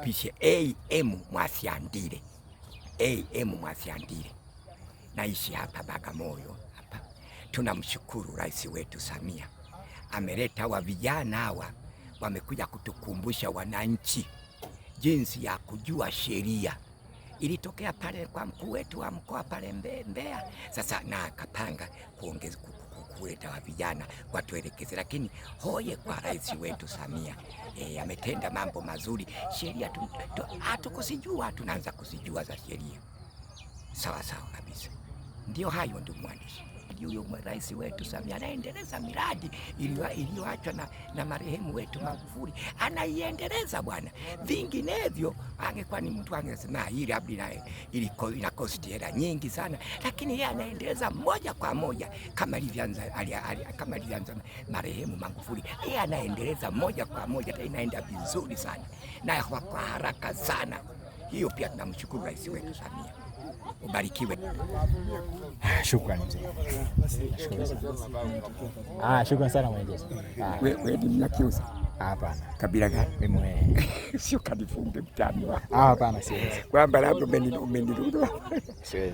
mpishe am Mwasyandile, am Mwasyandile. Naishi hapa Bagamoyo hapa. Tunamshukuru rais wetu Samia, ameleta wa vijana hawa, wamekuja kutukumbusha wananchi jinsi ya kujua sheria. Ilitokea pale kwa mkuu wetu wa mkoa pale Mbeya, sasa na akapanga kuongeza kuleta wa vijana watuelekeze, lakini hoye kwa rais wetu Samia e, ametenda mambo mazuri. Sheria hatukuzijua tunaanza kuzijua za sheria. Sawa sawa kabisa, ndio hayo, ndugu mwandishi miradi. huyo rais wetu Samia anaendeleza miradi iliyoachwa na, na marehemu wetu Magufuli anaiendeleza bwana. Vinginevyo angekuwa ni mtu angesema hili labda ina kosti hela nyingi sana, lakini yeye anaendeleza moja kwa moja kama alivyoanza kama alivyanza marehemu Magufuli, yeye anaendeleza moja kwa moja, inaenda vizuri sana na kwa haraka sana. Hiyo pia tunamshukuru rais wetu Samia ubarikiwe. Ah, shukrani mzee. Ah, shukrani sana Wewe ah. ni Hapana. Kabila gani? sio mtani. Ah, hapana siwezi. Kwamba labda Siwezi.